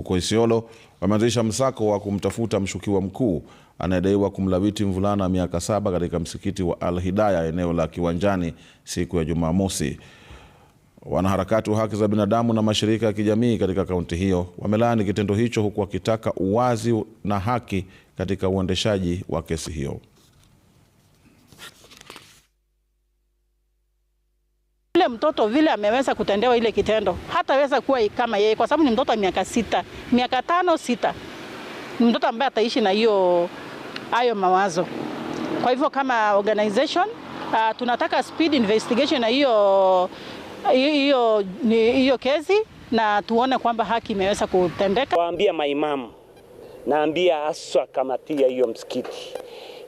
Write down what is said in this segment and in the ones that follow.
Huko Isiolo wameanzisha msako wa kumtafuta mshukiwa mkuu anayedaiwa kumlawiti mvulana wa miaka saba katika msikiti wa Al Hidaya eneo la Kiwanjani siku ya Jumamosi. Wanaharakati wa haki za binadamu na mashirika ya kijamii katika kaunti hiyo wamelaani kitendo hicho huku wakitaka uwazi na haki katika uendeshaji wa kesi hiyo. yule mtoto vile ameweza kutendewa ile kitendo, hataweza kuwa kama yeye, kwa sababu ni mtoto wa miaka sita, miaka tano sita, ni mtoto ambaye ataishi na hiyo hayo mawazo. Kwa hivyo kama organization uh, tunataka speed investigation na hiyo hiyo hiyo kesi na tuone kwamba haki imeweza kutendeka. Waambia maimamu, naambia haswa kamati ya hiyo msikiti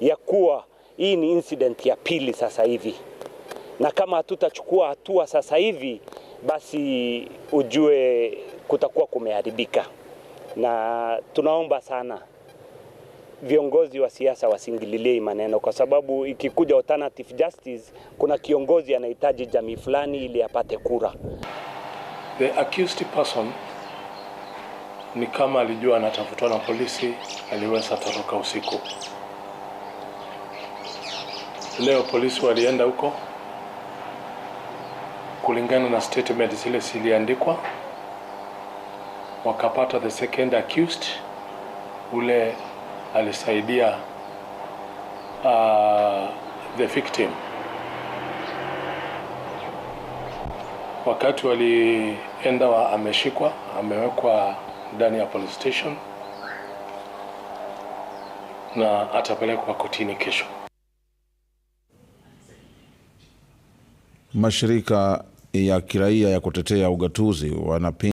ya kuwa hii ni incident ya pili sasa hivi na kama hatutachukua hatua sasa hivi, basi ujue kutakuwa kumeharibika, na tunaomba sana viongozi wa siasa wasingililie maneno, kwa sababu ikikuja alternative justice, kuna kiongozi anahitaji jamii fulani ili apate kura. The accused person ni kama alijua anatafutwa na polisi, aliweza toroka usiku. Leo polisi walienda huko kulingana na statement zile ziliandikwa, wakapata the second accused ule alisaidia uh, the victim wakati walienda wa ameshikwa amewekwa ndani ya police station na atapelekwa kotini kesho. Mashirika ya kiraia ya kutetea ugatuzi wanapinga